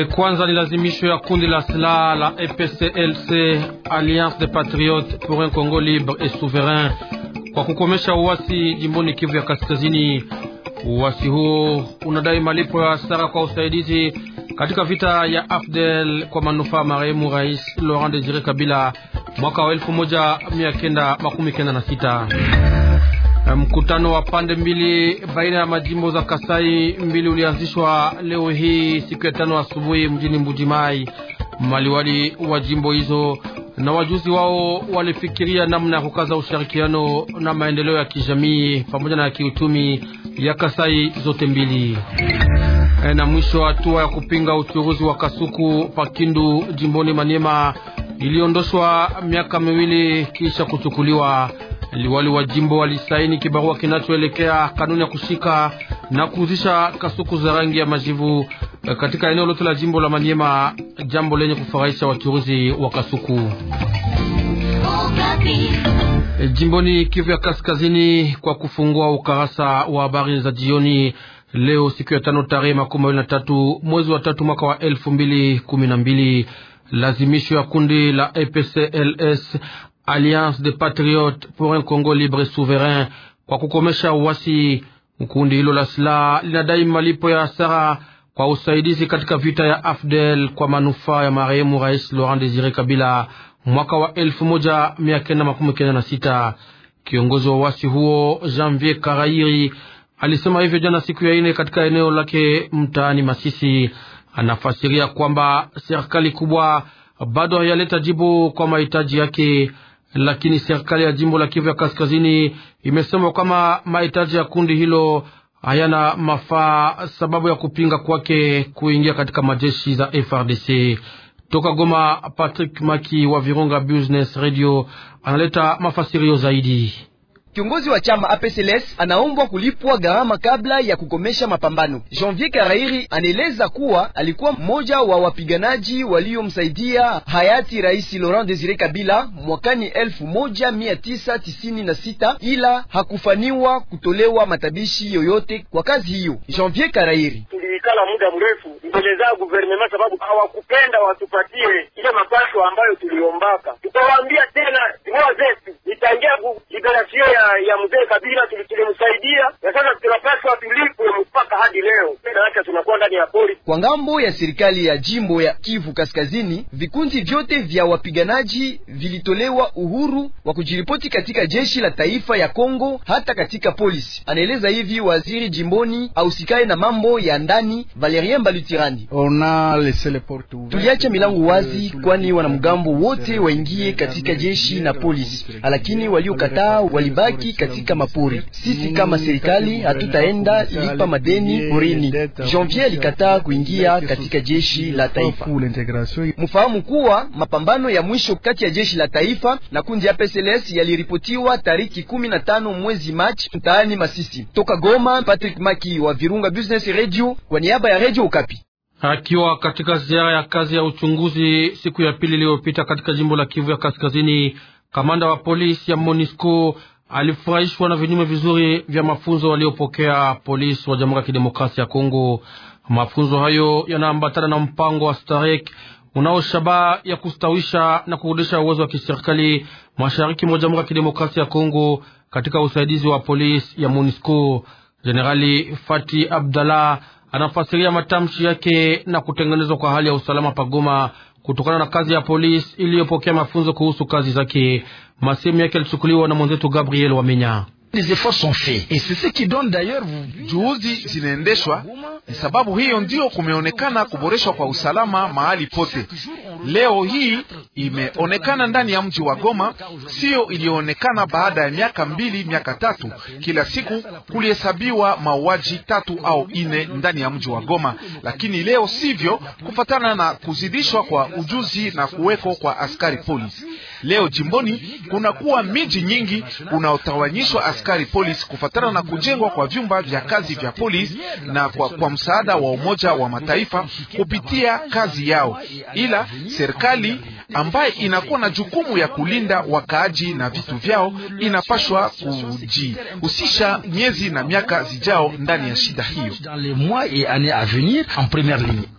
E, kwanza ni lazimisho ya kundi la silaha la EPCLC Alliance des Patriotes pour un Congo libre et souverain kwa kukomesha uasi jimboni Kivu ya Kaskazini. Uasi huo unadai malipo ya hasara kwa usaidizi katika vita ya AFDEL kwa manufaa marehemu Rais Laurent Desire Kabila mwaka wa 1996. Mkutano wa pande mbili baina ya majimbo za Kasai mbili ulianzishwa leo hii siku ya tano asubuhi mjini Mbujimai. Maliwali wa jimbo hizo na wajuzi wao walifikiria namna ya kukaza ushirikiano na maendeleo ya kijamii pamoja na kiuchumi ya Kasai zote mbili. Eh, na mwisho, hatua ya kupinga uchuruzi wa kasuku pakindu jimboni Maniema iliondoshwa miaka miwili kisha kuchukuliwa Liwali wa jimbo walisaini kibarua kinachoelekea kanuni ya kushika na kuuzisha kasuku za rangi ya majivu eh, katika eneo lote la jimbo la Manyema, jambo lenye kufurahisha wachuruzi wa kasuku. Eh, Jimboni Kivu ya Kaskazini, kwa kufungua ukarasa wa habari za jioni leo, siku ya tano tarehe makumi mawili na tatu mwezi wa tatu mwaka wa elfu mbili kumi na mbili lazimisho ya kundi la EPCLS Alliance des Patriotes pour un Congo libre et souverain kwa kukomesha uasi. Kundi hilo la silaha linadai malipo ya hasara kwa usaidizi katika vita ya AFDEL kwa manufaa ya marehemu Rais Laurent Desire Kabila mwaka wa 1996. Kiongozi wa uasi huo Janvier Karairi alisema hivyo jana siku ya ine katika eneo lake mtaani Masisi. Anafasiria kwamba serikali kubwa bado hayaleta jibu kwa mahitaji yake lakini serikali ya jimbo la Kivu ya Kaskazini imesema kama mahitaji ya kundi hilo hayana mafaa sababu ya kupinga kwake kuingia katika majeshi za FRDC. Toka Goma, Patrick Maki wa Virunga Business Radio analeta mafasirio zaidi. Kiongozi wa chama APCLS anaombwa kulipwa gharama kabla ya kukomesha mapambano. Janvier Karairi anaeleza kuwa alikuwa mmoja wa wapiganaji waliomsaidia hayati Rais Laurent Desire Kabila mwakani 1996 ila hakufaniwa kutolewa matabishi yoyote kwa kazi hiyo. Janvier Karairi: tuliikala muda mrefu mbele za guvernema sababu hawakupenda watupatie ile mapato ambayo tuliombaka, tukawaambia tena moa tangia liberasio ya, ya mzee Kabila tulimsaidia, na sasa tunapaswa tulipwe mpaka hadi leo tunakuwa ndani ya pori. Kwa ngambo ya serikali ya jimbo ya Kivu Kaskazini, vikundi vyote vya wapiganaji vilitolewa uhuru wa kujiripoti katika jeshi la taifa ya Kongo, hata katika polisi. Anaeleza hivi waziri jimboni ausikae na mambo ya ndani Valerien Balutirandi: tuliacha milango wazi, euh, kwani wanamgambo euh, wote waingie katika jeshi na polisi, lakini waliokataa walibaki katika mapori. Sisi kama serikali hatutaenda ilipa madeni porini. Janvier alikataa kuingia katika jeshi la taifa. Mfahamu kuwa mapambano ya mwisho kati ya jeshi la taifa na kundi ya PSLS yaliripotiwa tariki 15 mwezi Machi mtaani Masisi. Toka Goma, Patrick Maki wa Virunga Business Radio kwa niaba ya Radio Ukapi. Akiwa katika ziara ya kazi ya uchunguzi siku ya pili iliyopita katika jimbo la Kivu ya Kaskazini, kamanda wa polisi ya MONUSCO alifurahishwa na vinyume vizuri vya mafunzo waliopokea polisi wa Jamhuri ya Kidemokrasia ya Kongo. Mafunzo hayo yanaambatana na mpango wa Starek unao shabaha ya kustawisha na kurudisha uwezo wa kiserikali mashariki mwa Jamhuri ya Kidemokrasia ya Kongo katika usaidizi wa polisi ya MONUSCO. Jenerali Fati Abdallah anafasiria matamshi yake na kutengenezwa kwa hali ya usalama pagoma kutokana na kazi ya polisi iliyopokea mafunzo kuhusu kazi zake. Masehemu yake yalichukuliwa na mwenzetu Gabriel Wamenya. Et c'est ce qui donne d'ailleurs, juhudi zinaendeshwa, ni sababu hiyo ndiyo kumeonekana kuboreshwa kwa usalama mahali pote. Leo hii imeonekana ndani ya mji wa Goma, siyo iliyoonekana baada ya miaka mbili, miaka tatu. Kila siku kulihesabiwa mauaji tatu au ine ndani ya mji wa Goma, lakini leo sivyo, kufatana na kuzidishwa kwa ujuzi na kuweko kwa askari polisi. Leo jimboni kunakuwa miji nyingi kunaotawanyishwa askari polisi kufatana na kujengwa kwa vyumba vya kazi vya polisi na kwa, kwa msaada wa Umoja wa Mataifa kupitia kazi yao, ila serikali ambaye inakuwa na jukumu ya kulinda wakaaji na vitu vyao inapashwa kujihusisha miezi na miaka zijao ndani ya shida hiyo.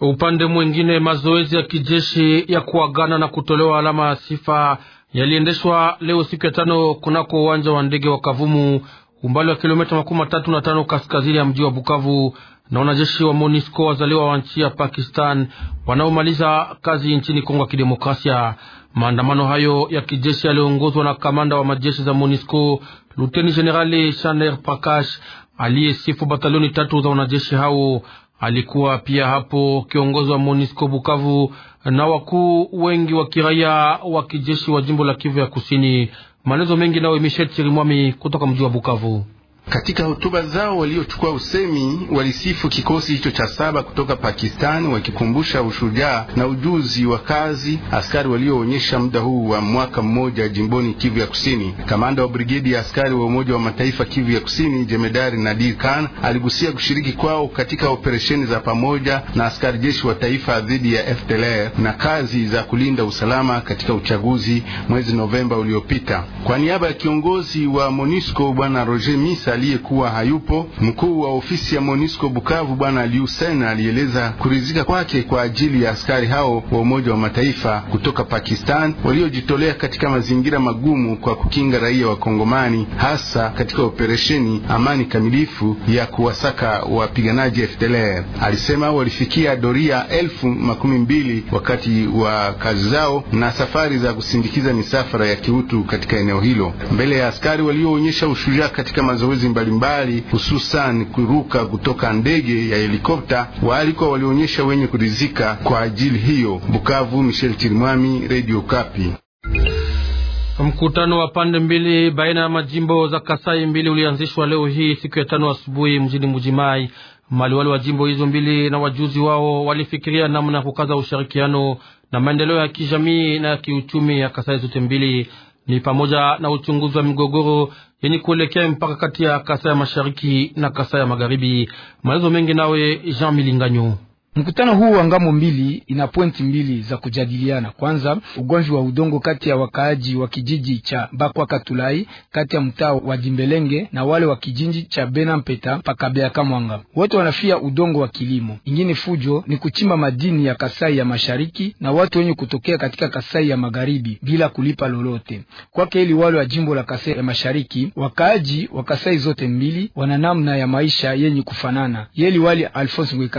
Upande mwingine, mazoezi ya kijeshi ya kuagana na kutolewa alama ya sifa yaliendeshwa leo siku ya tano kunako uwanja wa ndege wa Kavumu umbali wa kilomita makumi matatu na tano kaskazini ya mji wa Bukavu, na wanajeshi wa MONUSCO wazaliwa wa nchi ya Pakistan wanaomaliza kazi nchini Kongo ya Kidemokrasia. Maandamano hayo ya kijeshi yaliongozwa na kamanda wa majeshi za MONUSCO Luteni jenerali Shaner Prakash aliyesifu batalioni tatu za wanajeshi hao. Alikuwa pia hapo kiongozi wa MONUSCO Bukavu na wakuu wengi wa kiraia wa kijeshi wa jimbo la Kivu ya Kusini. Maelezo mengi nawe Michel Chirimwami kutoka mji wa Bukavu. Katika hotuba zao waliochukua usemi walisifu kikosi hicho cha saba kutoka Pakistani, wakikumbusha ushujaa na ujuzi wa kazi askari walioonyesha muda huu wa mwaka mmoja jimboni Kivu ya Kusini. Kamanda wa brigedi ya askari wa Umoja wa Mataifa Kivu ya Kusini, jemedari Nadir Khan aligusia kushiriki kwao katika operesheni za pamoja na askari jeshi wa taifa dhidi ya FDLR na kazi za kulinda usalama katika uchaguzi mwezi Novemba uliopita. Kwa niaba ya kiongozi wa MONUSCO bwana Roger Misa aliyekuwa hayupo. Mkuu wa ofisi ya MONUSCO Bukavu Bwana Liusen alieleza kuridhika kwake kwa ajili ya askari hao wa Umoja wa Mataifa kutoka Pakistan waliojitolea katika mazingira magumu kwa kukinga raia wa Kongomani, hasa katika operesheni amani kamilifu ya kuwasaka wapiganaji FDLR. Alisema walifikia doria elfu makumi mbili wakati wa kazi zao na safari za kusindikiza misafara ya kiutu katika eneo hilo mbele ya askari walioonyesha ushujaa katika mazoezi mbalimbali, hususan kuruka kutoka ndege ya helikopta. Waalikwa walionyesha wenye kuridhika kwa ajili hiyo. Bukavu, Michel Chirimwami, Radio Kapi. Mkutano wa pande mbili baina ya majimbo za Kasai mbili ulianzishwa leo hii siku ya tano asubuhi mjini Mujimai. Maliwali wa jimbo hizo mbili na wajuzi wao walifikiria namna ya kukaza ushirikiano na maendeleo ya kijamii na ya kiuchumi ya Kasai zote mbili ni pamoja na uchunguzi wa migogoro yenye kuelekea mpaka kati ya kasa ya Mashariki na kasa ya Magharibi. Maelezo mengi nawe Jean Milinganyo. Mkutano huu wa ngambo mbili ina pointi mbili za kujadiliana. Kwanza, ugonjwa wa udongo kati ya wakaaji wa kijiji cha Bakwa Katulai kati ya mtaa wa Dimbelenge na wale wa kijiji cha Benampeta Pakabea Kamwanga, wote wanafia udongo wa kilimo. Ingine fujo ni kuchimba madini ya Kasai ya mashariki na watu wenye kutokea katika Kasai ya magharibi bila kulipa lolote kwake, ili wale wa jimbo la Kasai ya mashariki. Wakaaji wa Kasai zote mbili wana namna ya maisha yenye kufanana, yeli wali Alphonse Ngwe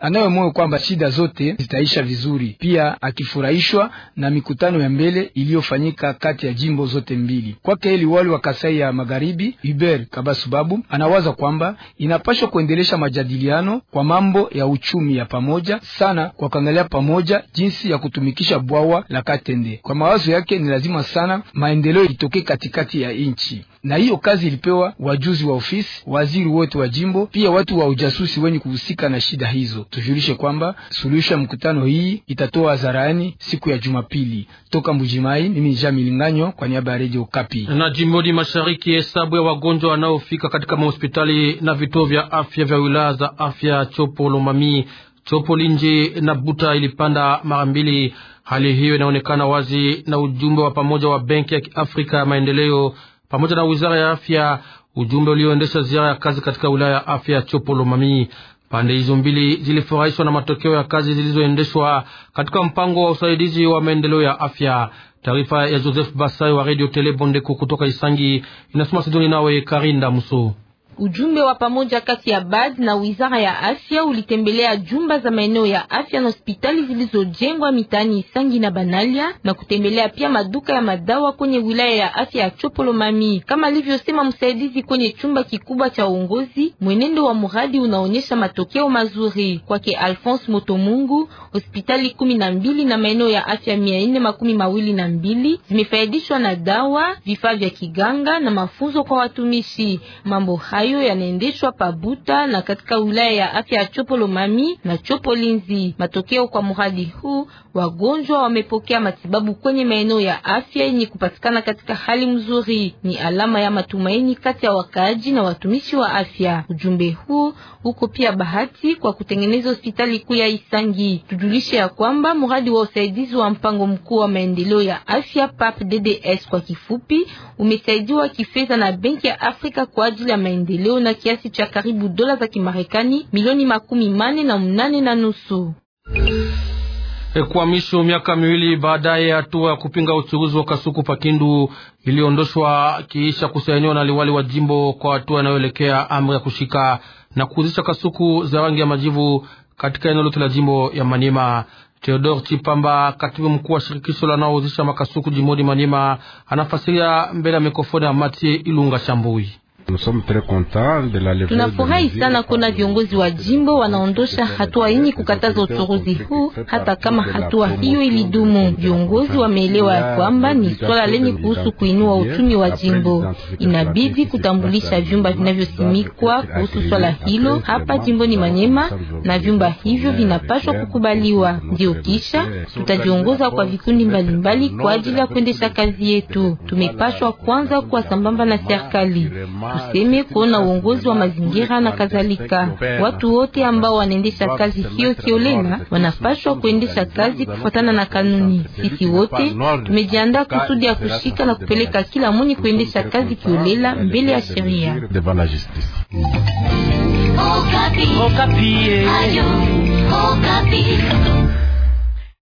anayo nawe moyo kwamba shida zote zitaisha vizuri, pia akifurahishwa na mikutano ya mbele iliyofanyika kati ya jimbo zote mbili. Kwake liwali wa Kasai ya Magharibi Hubert Kabasubabu anawaza kwamba inapaswa kuendelesha majadiliano kwa mambo ya uchumi ya pamoja sana, kwa kuangalia pamoja jinsi ya kutumikisha bwawa la Katende. Kwa mawazo yake, ni lazima sana maendeleo itokee katikati ya nchi, na hiyo kazi ilipewa wajuzi wa ofisi, waziri wote wa jimbo, pia watu wa ujasusi wenye kuhusika na shida hizo Tufiru tujulishe kwamba suluhisho ya mkutano hii itatoa hadharani siku ya Jumapili. Toka Mbujimai, mimi Jean Milinganyo kwa niaba ya Radio Okapi. Na jimboni mashariki, hesabu ya wagonjwa wanaofika katika mahospitali na vituo vya afya vya wilaya za afya Chopo, Lomami, Chopo, Linji na Buta ilipanda mara mbili. Hali hiyo inaonekana wazi na ujumbe wa pamoja wa Benki ya Afrika ya Maendeleo pamoja na Wizara ya Afya, ujumbe ulioendesha ziara ya kazi katika wilaya ya afya ya Chopo Lomami. Pande hizo mbili zilifurahishwa na matokeo ya kazi zilizoendeshwa katika mpango wa usaidizi wa maendeleo ya afya. Taarifa ya Joseph Basai wa Radio Telebondeko kutoka Isangi inasoma Sidoni nawe Karinda Musu. Ujumbe wa pamoja kati ya BAD na wizara ya afya ulitembelea jumba za maeneo ya afya na hospitali zilizojengwa mitaani Isangi na Banalia na kutembelea pia maduka ya madawa kwenye wilaya ya afya ya chopolo mami Kama alivyosema msaidizi kwenye chumba kikubwa cha uongozi, mwenendo wa mradi unaonyesha matokeo mazuri. Kwake Alphonse Motomungu, hospitali kumi na mbili na maeneo ya afya mia nne makumi mawili na mbili zimefaidishwa na dawa, vifaa vya kiganga na mafunzo kwa watumishi. Mambo hayo hayo yanaendeshwa Pabuta na katika wilaya ya afya ya Chopolomami na Chopolinzi. Matokeo kwa mradi huu, wagonjwa wamepokea matibabu kwenye maeneo ya afya yenye kupatikana katika hali mzuri, ni alama ya matumaini kati ya wakaaji na watumishi wa afya. Ujumbe huu huko pia bahati kwa kutengeneza hospitali kuu ya Isangi. Tujulishe ya kwamba mradi wa usaidizi wa mpango mkuu wa maendeleo ya afya PAP DDS kwa kifupi, umesaidiwa kifedha na Benki ya Afrika kwa ajili ya maendeleo leo na kiasi cha karibu dola za Kimarekani milioni makumi mane na mnane na nusu. E, kuhamisho miaka miwili baadaye, hatua ya kupinga uchuruzi wa kasuku pakindu iliondoshwa kiisha kusainiwa na liwali wa jimbo kwa hatua inayoelekea amri ya kushika na kuuzisha kasuku za rangi ya majivu katika eneo lote la jimbo ya Manima. Theodore Chipamba, katibu mkuu wa shirikisho lanaouzisha makasuku jimoni Manima, anafasiria mbele ya mikrofoni ya Matie Ilunga Shambui. Tunafurahi sana kuona viongozi wa jimbo wanaondosha hatua yenye kukataza uchuruzi huu, hata kama hatua hiyo ilidumu. Viongozi wameelewa ya kwamba ni swala lenye kuhusu kuinua uchumi wa jimbo. Inabidi kutambulisha vyumba vinavyosimikwa kuhusu swala hilo hapa jimboni Manyema, na vyumba hivyo vinapaswa kukubaliwa, ndio kisha tutajiongoza kwa vikundi mbalimbali kwa ajili ya kuendesha kazi yetu. Tumepaswa kwanza kuwa sambamba na serikali tuseme kuona uongozi wa mazingira na kadhalika. Watu wote ambao wanaendesha kazi hiyo kiolela wanapashwa kuendesha kazi kufuatana na kanuni. Sisi wote tumejiandaa kusudi ya kushika na kupeleka kila mwenye kuendesha kazi kiolela mbele ya sheria. Okapi. Okapi.